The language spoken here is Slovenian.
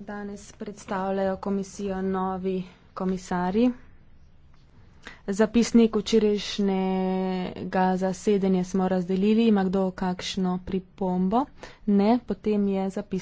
danes predstavljajo komisijo novi komisari. Zapisnik včerajšnjega zasedanja smo razdelili. Ima kdo kakšno pripombo? Ne, potem je zapisnik.